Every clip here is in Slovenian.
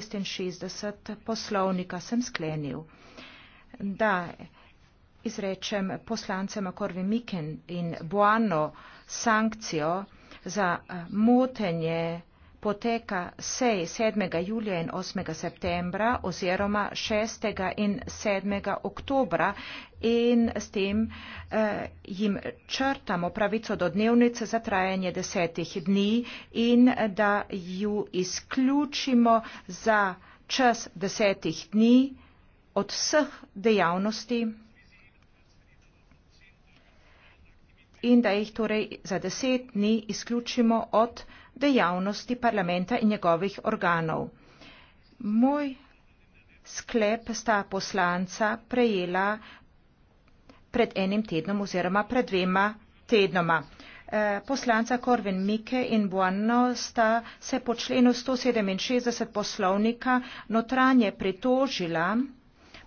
66 poslovnika sem sklenil, da izrečem poslancema Korvi Miken in Buano sankcijo za eh, motenje poteka sej 7. julija in 8. septembra oziroma 6. in 7. oktobra in s tem eh, jim črtamo pravico do dnevnice za trajanje desetih dni in da ju izključimo za čas desetih dni od vseh dejavnosti in da jih torej za deset dni izključimo od dejavnosti parlamenta in njegovih organov. Moj sklep sta poslanca prejela pred enim tednom oziroma pred dvema tednoma. Eh, poslanca Korven Mike in Buano sta se po členu 167 poslovnika notranje pritožila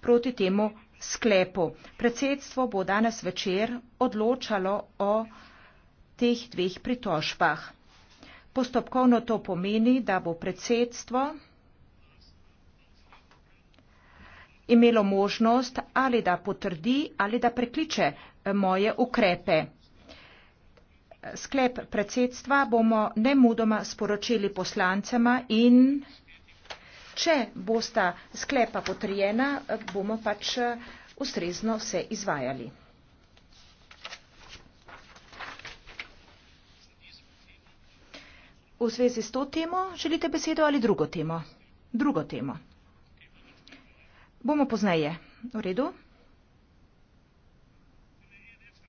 proti temu sklepu. Predsedstvo bo danes večer odločalo o teh dveh pritožbah. Postopkovno to pomeni, da bo predsedstvo imelo možnost ali da potrdi ali da prekliče eh, moje ukrepe. Sklep predsedstva bomo nemudoma sporočili poslancema in Če bosta sklepa potrjena, bomo pač eh, ustrezno vse izvajali. V zvezi s to temo želite besedo ali drugo temo? Drugo temo. Bomo poznaje. V redu.